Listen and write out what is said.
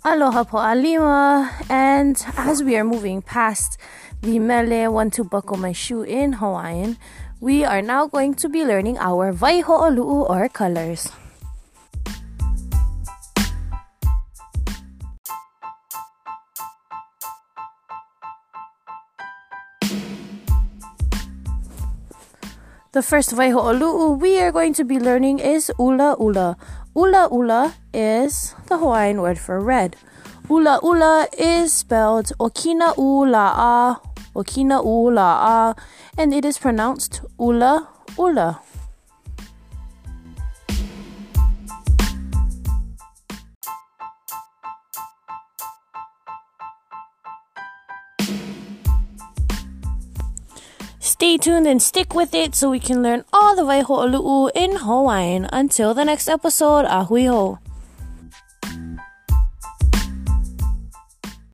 Aloha po'alima, and as we are moving past the mele, want to buckle my shoe in Hawaiian, we are now going to be learning our vaiho'olu'u or colors. The first Waiho'olu'u we are going to be learning is ula ula. Ula ula is the Hawaiian word for red. Ula ula is spelled Okina'ula'a, a, and it is pronounced ula ula. Stay tuned and stick with it so we can learn all the way in Hawaiian. Until the next episode, ahui ho.